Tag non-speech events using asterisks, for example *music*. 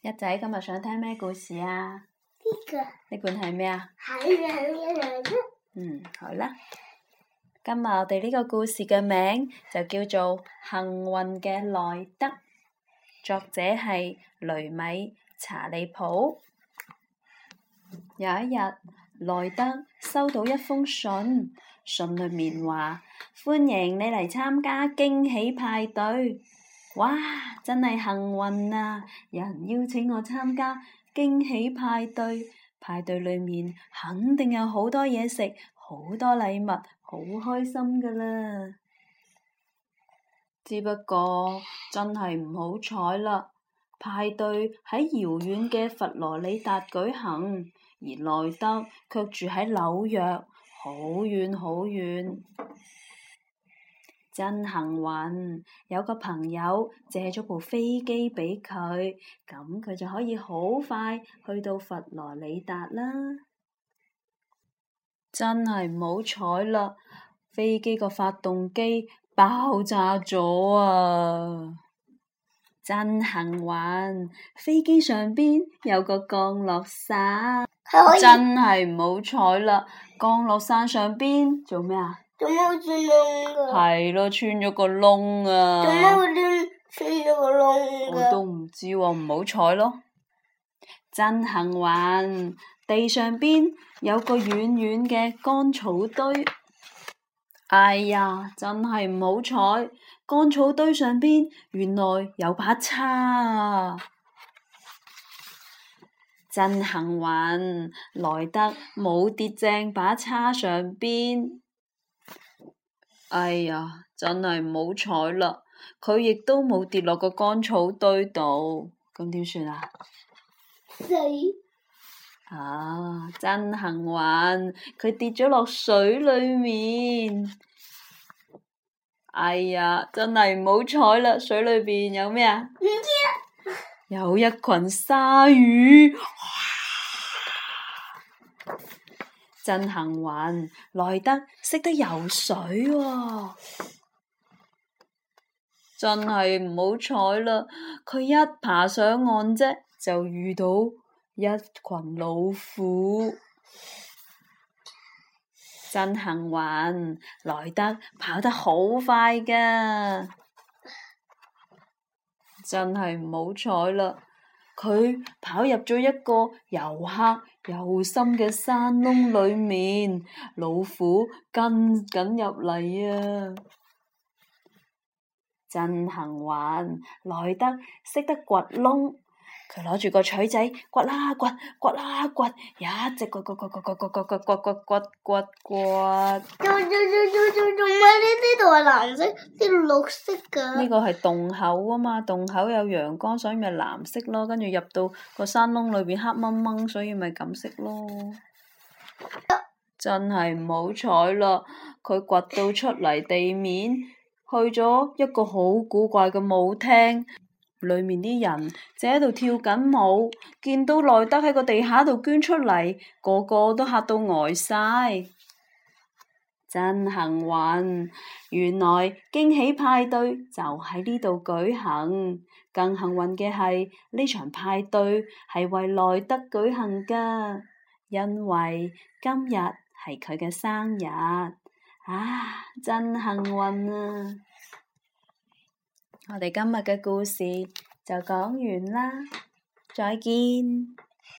一仔，今日想聽咩故事啊？呢個呢本係咩啊？係啊係啊係啊！這個、嗯，好啦，今日我哋呢個故事嘅名就叫做幸運嘅內德，作者係雷米查理普。有一日，內德收到一封信，信裏面話歡迎你嚟參加驚喜派對。哇！真係幸運啊！有人邀請我參加驚喜派對，派對裏面肯定有好多嘢食，好多禮物，好開心㗎啦！只不過真係唔好彩啦，派對喺遙遠嘅佛羅里達舉行，而內德卻住喺紐約，好遠好遠。真幸運，有個朋友借咗部飛機俾佢，咁佢就可以好快去到佛羅里達啦。真係唔好彩啦，飛機個發動機爆炸咗啊！真幸運，飛機上邊有個降落傘， *noise* 真係唔好彩啦，降落傘上邊做咩啊？做乜好似窿係咯，穿咗個窿啊！做乜會穿咗個窿、啊、我都唔知喎，哦，唔好彩咯，真幸運，地上邊有個軟軟嘅乾草堆。哎呀，真係唔好彩，乾草堆上邊原來有把叉啊！真幸運，來得冇跌正把叉上邊。哎呀，真係唔好彩啦！佢亦都冇跌落個乾草堆度，咁點算啊？水啊，真幸運，佢跌咗落水裏面。哎呀，真係唔好彩啦！水裏邊有咩啊？有一群鯊魚。真幸運，內德識得游水喎！啊，真係唔好彩啦！佢一爬上岸啫，就遇到一群老虎。真幸運，內德跑得好快㗎，真係唔好彩啦！佢跑入咗一個又黑又深嘅山窿裏面，老虎跟緊入嚟啊！真幸運，內德識得掘窿。佢攞住個錘仔，掘啦掘，掘啦掘，一直掘掘掘掘掘掘掘掘掘掘掘。做做做做做咩？呢呢度係藍色，呢度綠色㗎。呢個係洞口啊嘛，洞口有陽光，所以咪藍色咯。跟住入到個山窿裏邊黑掹掹，所以咪噉色咯。真係唔好彩啦！佢掘到出嚟地面，去咗一個好古怪嘅舞廳。裏面啲人正喺度跳緊舞，見到內德喺個地下度捐出嚟，個個都嚇到呆晒。真幸運！原來驚喜派對就喺呢度舉行，更幸運嘅係呢場派對係為內德舉行㗎，因為今日係佢嘅生日。啊！真幸運啊！我哋今日嘅故事就講完啦，再見。